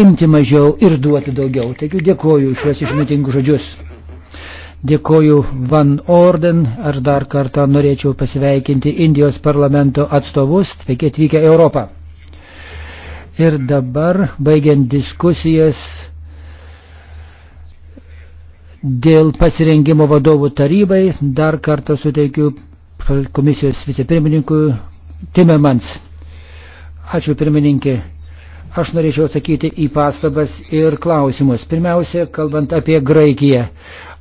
imti mažiau ir duoti daugiau. Taigi dėkoju šios išmintingus žodžius. Dėkoju Van Orden, aš dar kartą norėčiau pasveikinti Indijos parlamento atstovus, sveiki atvykę Europą. Ir dabar, baigiant diskusijas dėl pasirengimo vadovų tarybai, dar kartą suteikiu komisijos vicepirmininkui Timemans. Ačiū pirmininkė. Aš norėčiau atsakyti į pastabas ir klausimus. Pirmiausia, kalbant apie Graikiją.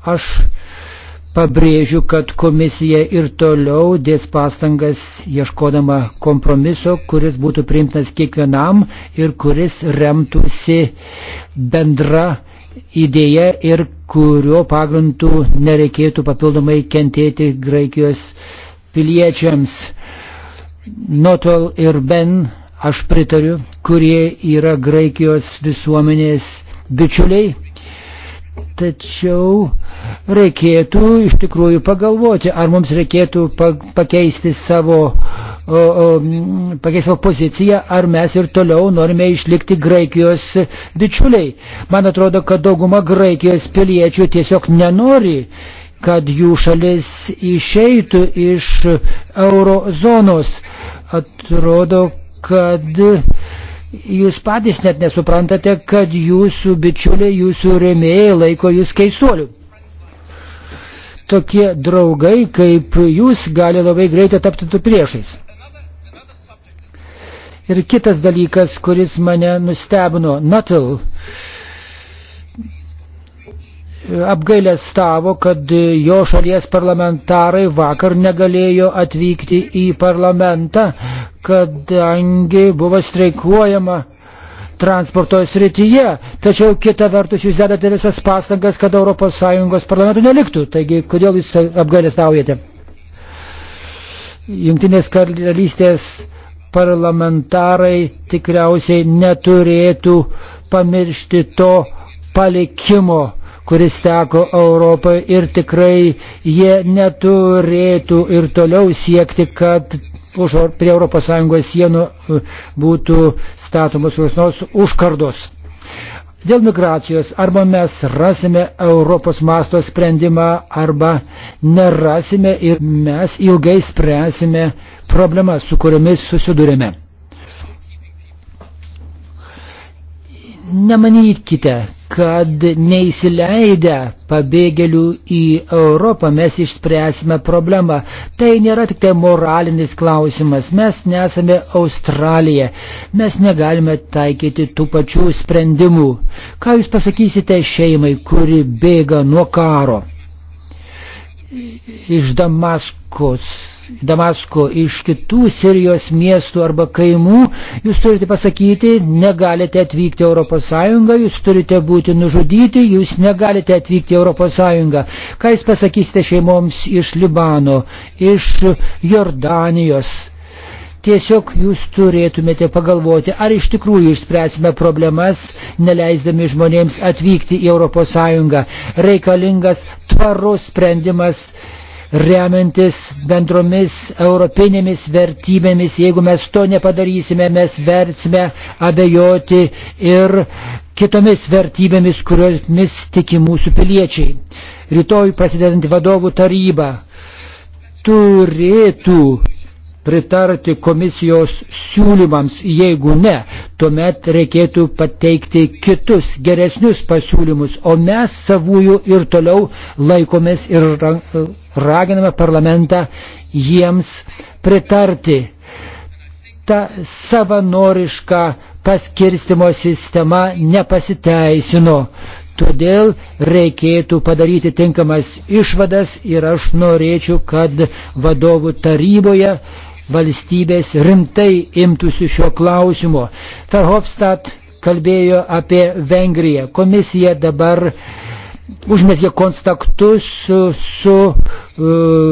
Aš pabrėžiu, kad komisija ir toliau dės pastangas ieškodama kompromiso, kuris būtų priimtas kiekvienam ir kuris remtųsi bendra idėja ir kurio pagrindų nereikėtų papildomai kentėti Graikijos piliečiams. Notol ir Ben aš pritariu, kurie yra Graikijos visuomenės bičiuliai. Tačiau reikėtų iš tikrųjų pagalvoti, ar mums reikėtų pakeisti savo, o, o, pakeisti savo poziciją, ar mes ir toliau norime išlikti Graikijos bičiuliai. Man atrodo, kad dauguma Graikijos piliečių tiesiog nenori, kad jų šalis išeitų iš eurozonos. Atrodo, kad jūs patys net nesuprantate, kad jūsų bičiuliai, jūsų rėmėjai laiko jūs keistuoliu. Tokie draugai kaip jūs gali labai greitai tapti tų priešais. Ir kitas dalykas, kuris mane nustebino, Nuttall apgailę stavo, kad jo šalies parlamentarai vakar negalėjo atvykti į parlamentą, kadangi buvo streikuojama transporto srityje. Tačiau kita vertus jūs dedate visas pastangas, kad ES parlamentų neliktų. Taigi, kodėl jūs apgailę staujate? Jungtinės karalystės parlamentarai tikriausiai neturėtų pamiršti to palikimo kuris teko Europai ir tikrai jie neturėtų ir toliau siekti, kad už, prie ES sienų uh, būtų statomos kokios nors užkardos. Dėl migracijos arba mes rasime Europos masto sprendimą, arba nerasime ir mes ilgai spręsime problemas, su kuriomis susidurėme. nemanykite, kad neįsileidę pabėgėlių į Europą mes išspręsime problemą. Tai nėra tik tai moralinis klausimas. Mes nesame Australija. Mes negalime taikyti tų pačių sprendimų. Ką jūs pasakysite šeimai, kuri bėga nuo karo? Iš Damaskos Damasko, iš kitų Sirijos miestų arba kaimų, jūs turite pasakyti, negalite atvykti Europos Sąjungą, jūs turite būti nužudyti, jūs negalite atvykti Europos Sąjungą. Ką jūs pasakysite šeimoms iš Libano, iš Jordanijos? Tiesiog jūs turėtumėte pagalvoti, ar iš tikrųjų išspręsime problemas, neleisdami žmonėms atvykti į Europos Sąjungą. Reikalingas tvarus sprendimas remiantis bendromis europinėmis vertybėmis. Jeigu mes to nepadarysime, mes versime abejoti ir kitomis vertybėmis, kuriomis tiki mūsų piliečiai. Rytoj prasidedant vadovų taryba turėtų pritarti komisijos siūlymams, jeigu ne, tuomet reikėtų pateikti kitus geresnius pasiūlymus, o mes savųjų ir toliau laikomės ir raginame parlamentą jiems pritarti. Ta savanoriška paskirstimo sistema nepasiteisino. Todėl reikėtų padaryti tinkamas išvadas ir aš norėčiau, kad vadovų taryboje valstybės rimtai imtųsi šio klausimo. Verhofstadt kalbėjo apie Vengriją. Komisija dabar užmesgė kontaktus su, su uh,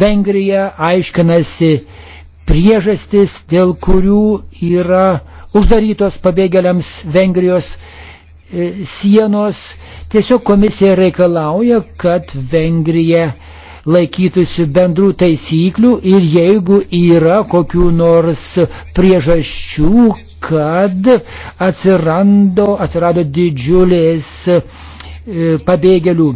Vengrija, aiškinasi priežastis, dėl kurių yra uždarytos pabėgėliams Vengrijos uh, sienos. Tiesiog komisija reikalauja, kad Vengrija uh, laikytųsi bendrų taisyklių ir jeigu yra kokių nors priežasčių, kad atsirando, atsirado didžiulės e, pabėgėlių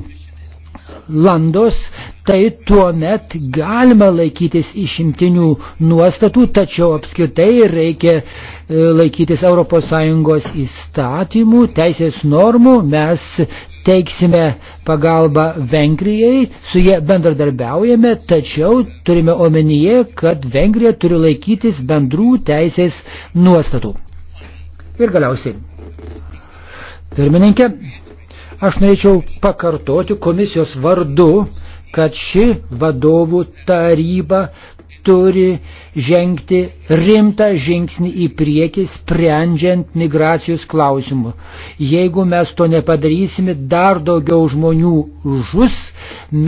landos, tai tuomet galima laikytis išimtinių nuostatų, tačiau apskritai reikia e, laikytis ES įstatymų, teisės normų, mes teiksime pagalbą Vengrijai, su jie bendradarbiaujame, tačiau turime omenyje, kad Vengrija turi laikytis bendrų teisės nuostatų. Ir galiausiai, pirmininkė, aš norėčiau pakartoti komisijos vardu, kad ši vadovų taryba turi žengti rimtą žingsnį į priekį, sprendžiant migracijos klausimų. Jeigu mes to nepadarysime, dar daugiau žmonių žus,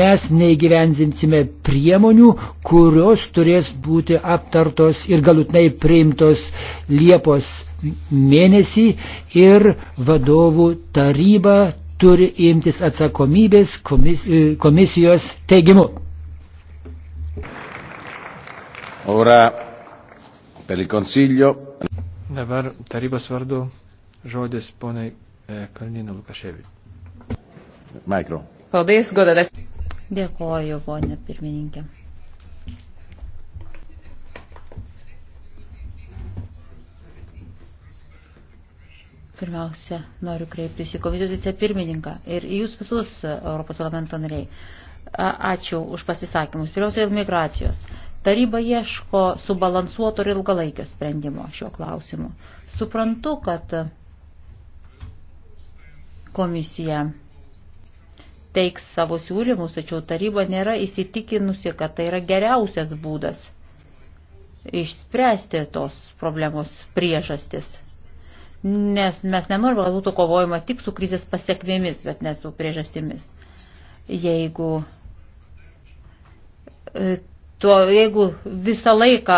mes neįgyvenzinsime priemonių, kurios turės būti aptartos ir galutinai priimtos Liepos mėnesį ir vadovų taryba turi imtis atsakomybės e, komisijos teigimu. Ora per il Consiglio. Dabar tarybos vardu žodis ponai e, Kalnina Lukaševi. Mikro. Paldies, godadas. Dėkoju, ponė pirmininkė. Pirmiausia, noriu kreiptis į komisijos vicepirmininką ir jūs visus Europos parlamento nariai. Ačiū už pasisakymus. Pirmiausia, dėl migracijos. Taryba ieško subalansuoto ir ilgalaikio sprendimo šiuo klausimu. Suprantu, kad komisija teiks savo siūlymus, tačiau taryba nėra įsitikinusi, kad tai yra geriausias būdas išspręsti tos problemos priežastis. Nes mes nenorime, kad būtų kovojama tik su krizės pasiekmėmis, bet ne su priežastimis. Jeigu e, Tuo, jeigu visą laiką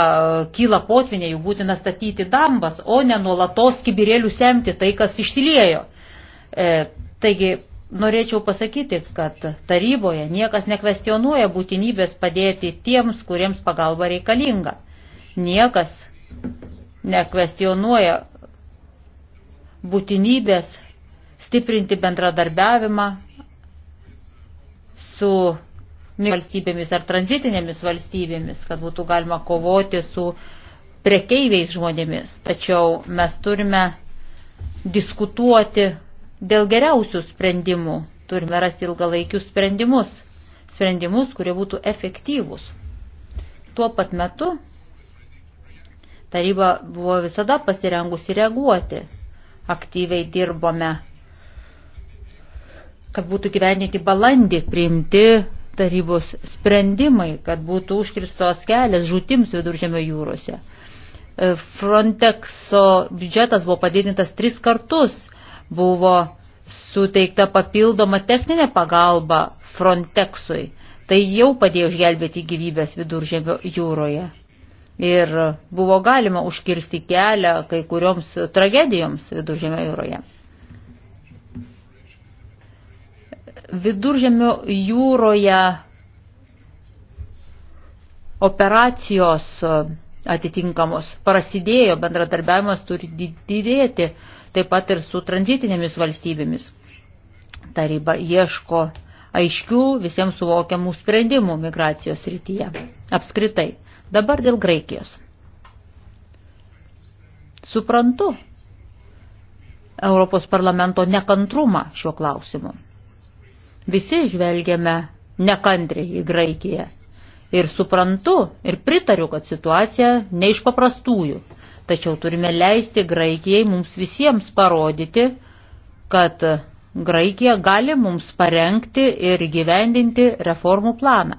kyla potvinė, jų būtina statyti dambas, o ne nuolatos kibirėlių semti tai, kas išsiliejo. E, taigi, norėčiau pasakyti, kad taryboje niekas nekvestionuoja būtinybės padėti tiems, kuriems pagalba reikalinga. Niekas nekvestionuoja būtinybės stiprinti bendradarbiavimą su valstybėmis ar tranzitinėmis valstybėmis, kad būtų galima kovoti su prekeiviais žmonėmis. Tačiau mes turime diskutuoti dėl geriausių sprendimų, turime rasti ilgalaikius sprendimus, sprendimus, kurie būtų efektyvūs. Tuo pat metu taryba buvo visada pasirengusi reaguoti. Aktyviai dirbome, kad būtų gyveninti balandį priimti tarybos sprendimai, kad būtų užkirstos kelias žūtims viduržėmio jūrose. E, Frontexo biudžetas buvo padidintas tris kartus, buvo suteikta papildoma techninė pagalba Frontexui. Tai jau padėjo išgelbėti gyvybės viduržėmio jūroje. Ir buvo galima užkirsti kelią kai kurioms tragedijoms viduržėmio jūroje. Viduržėmio jūroje operacijos e, atitinkamos prasidėjo, bendradarbiavimas turi didėti, taip pat ir su tranzitinėmis valstybėmis. Taryba ieško aiškių visiems suvokiamų sprendimų migracijos rytyje. Apskritai, dabar dėl Graikijos. Suprantu Europos parlamento nekantrumą šiuo klausimu. Visi žvelgiame nekantriai į Graikiją. Ir suprantu ir pritariu, kad situacija ne iš paprastųjų. Tačiau turime leisti Graikijai mums visiems parodyti, kad Graikija gali mums parengti ir gyvendinti reformų planą.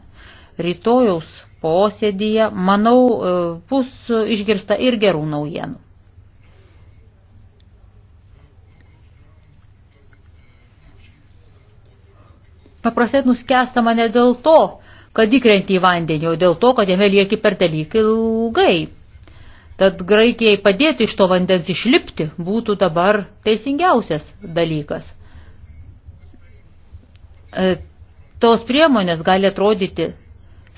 Rytojaus posėdyje, manau, e, bus išgirsta ir gerų naujienų. paprastai nuskęsta mane dėl to, kad įkrenti į vandenį, o dėl to, kad jame lieki per dalyk ilgai. Tad Graikijai padėti iš to vandens išlipti būtų dabar teisingiausias dalykas. E, tos priemonės gali atrodyti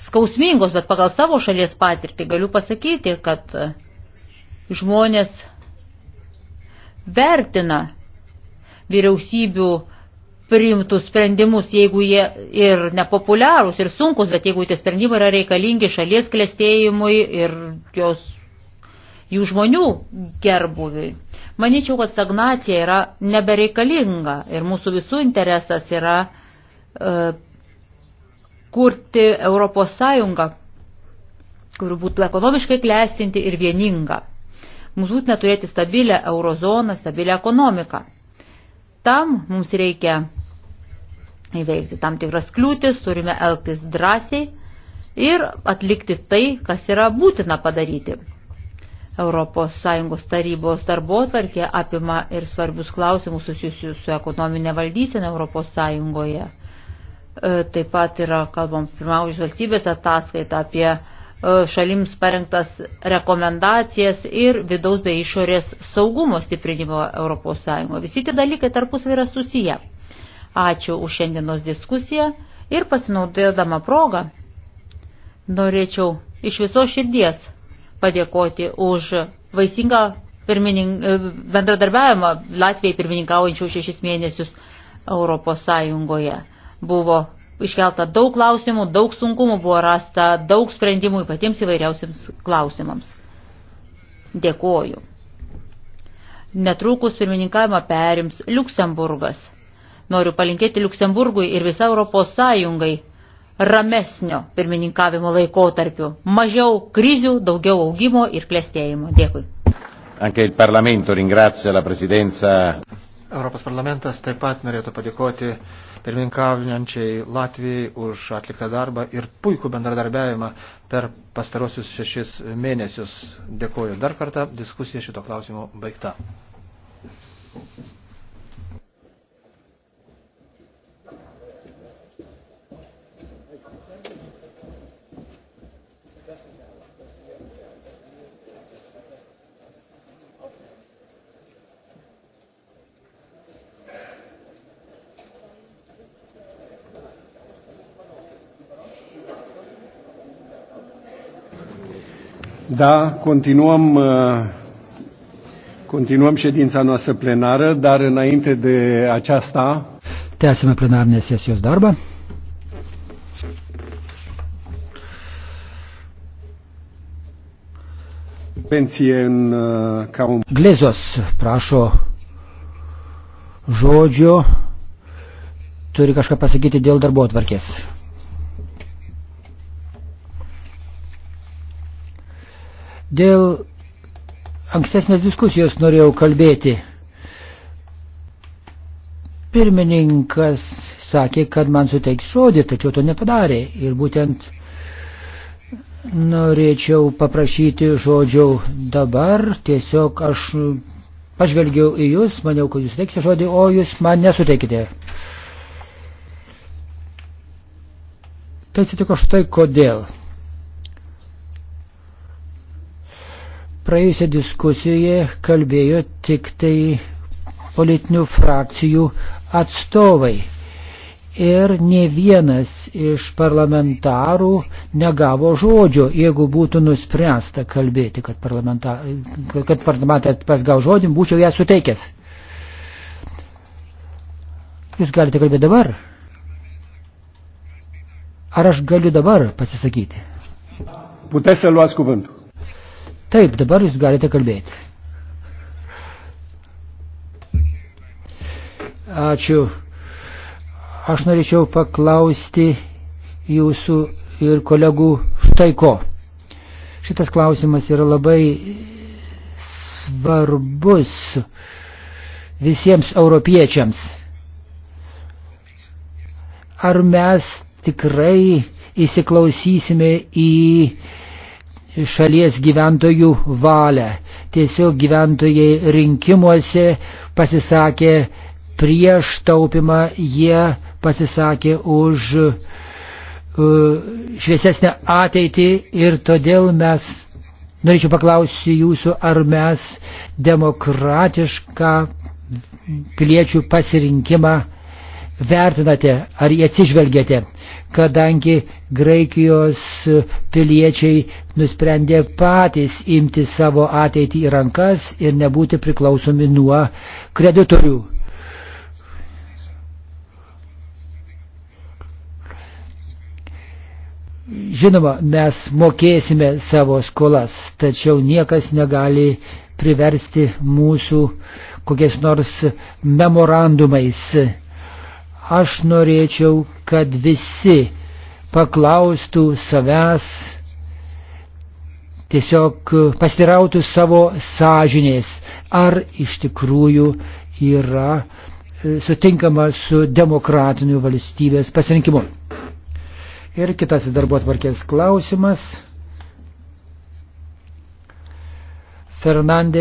skausmingos, bet pagal savo šalies patirtį galiu pasakyti, kad e, žmonės vertina vyriausybių priimtų sprendimus, jeigu jie ir nepopuliarūs, ir sunkus, bet jeigu tie sprendimai yra reikalingi šalies klėstėjimui ir jos, jų žmonių gerbuviui. Maničiau, kad stagnacija yra nebereikalinga ir mūsų visų interesas yra e, kurti Europos Sąjungą, kuri būtų ekonomiškai klestinti ir vieninga. Mums būtina turėti stabilę eurozoną, stabilę ekonomiką tam mums reikia įveikti tam tikras kliūtis, turime elgtis drąsiai ir atlikti tai, kas yra būtina padaryti. ES tarybos darbo atvarkė apima ir svarbius klausimus susijusius su ekonominė valdysena ES. E, taip pat yra kalbam pirmiausia valstybės ataskaita apie E, šalims parengtas rekomendacijas ir vidaus bei išorės saugumo stiprinimo ES. Visi tie dalykai tarpusavį yra susiję. Ačiū už šiandienos diskusiją ir pasinaudodama progą norėčiau iš viso širdies padėkoti už vaisingą e, bendradarbiavimą Latvijai pirmininkaujančių šešis mėnesius Europos Sąjungoje. Buvo iškelta daug klausimų, daug sunkumų buvo rasta, daug sprendimų patiems įvairiausiams klausimams. Dėkoju. Netrukus pirmininkavimą perims Luksemburgas. Noriu palinkėti Luksemburgui ir visą Europos Sąjungai ramesnio pirmininkavimo laikotarpiu. Mažiau krizių, daugiau augimo ir klėstėjimo. Dėkui. Anche il Parlamento ringrazia la Presidenza. Europos parlamentas taip pat norėtų padėkoti pirmininkavniančiai Latvijai už atliktą darbą ir puikų bendradarbiavimą per pastarosius šešis mėnesius. Dėkuoju dar kartą, diskusija šito klausimo baigta. Da, continuăm, uh, continuăm ședința noastră plenară, dar înainte de aceasta... Tęsime plenarinės sesijos darbą. Glezos prašo žodžio, turi kažką pasakyti dėl darbo atvarkės. Dėl ankstesnės diskusijos norėjau kalbėti. Pirmininkas sakė, kad man suteiks žodį, tačiau to nepadarė. Ir būtent norėčiau paprašyti žodžio dabar. Tiesiog aš pažvelgiau į jūs, maniau, kad jūs suteiksite žodį, o jūs man nesuteikite. Tai atsitiko štai kodėl. praėjusią diskusijoje kalbėjo tik tai politinių frakcijų atstovai. Ir ne vienas iš parlamentarų negavo žodžio, jeigu būtų nuspręsta kalbėti, kad parlamentaras pasgau žodį, būčiau ją suteikęs. Jūs galite kalbėti dabar? Ar aš galiu dabar pasisakyti? Puteți să luați cuvântul. Taip, dabar jūs galite kalbėti. Ačiū. Aš norėčiau paklausti jūsų ir kolegų štai ko. Šitas klausimas yra labai svarbus visiems europiečiams. Ar mes tikrai įsiklausysime į šalies gyventojų valią. Tiesiog gyventojai rinkimuose pasisakė prieš taupimą, jie pasisakė už uh, šviesesnę ateitį ir todėl mes, norėčiau paklausti jūsų, ar mes demokratišką piliečių pasirinkimą vertinate, ar jį atsižvelgiate kadangi Graikijos piliečiai nusprendė patys imti savo ateitį į rankas ir nebūti priklausomi nuo kreditorių. Žinoma, mes mokėsime savo skolas, tačiau niekas negali priversti mūsų kokiais nors memorandumais Aš norėčiau, kad visi paklaustų savęs, tiesiog pastirautų savo sąžinės, ar iš tikrųjų yra e, sutinkama su demokratiniu valstybės pasirinkimu. Ir kitas darbo atvarkės klausimas. Fernandė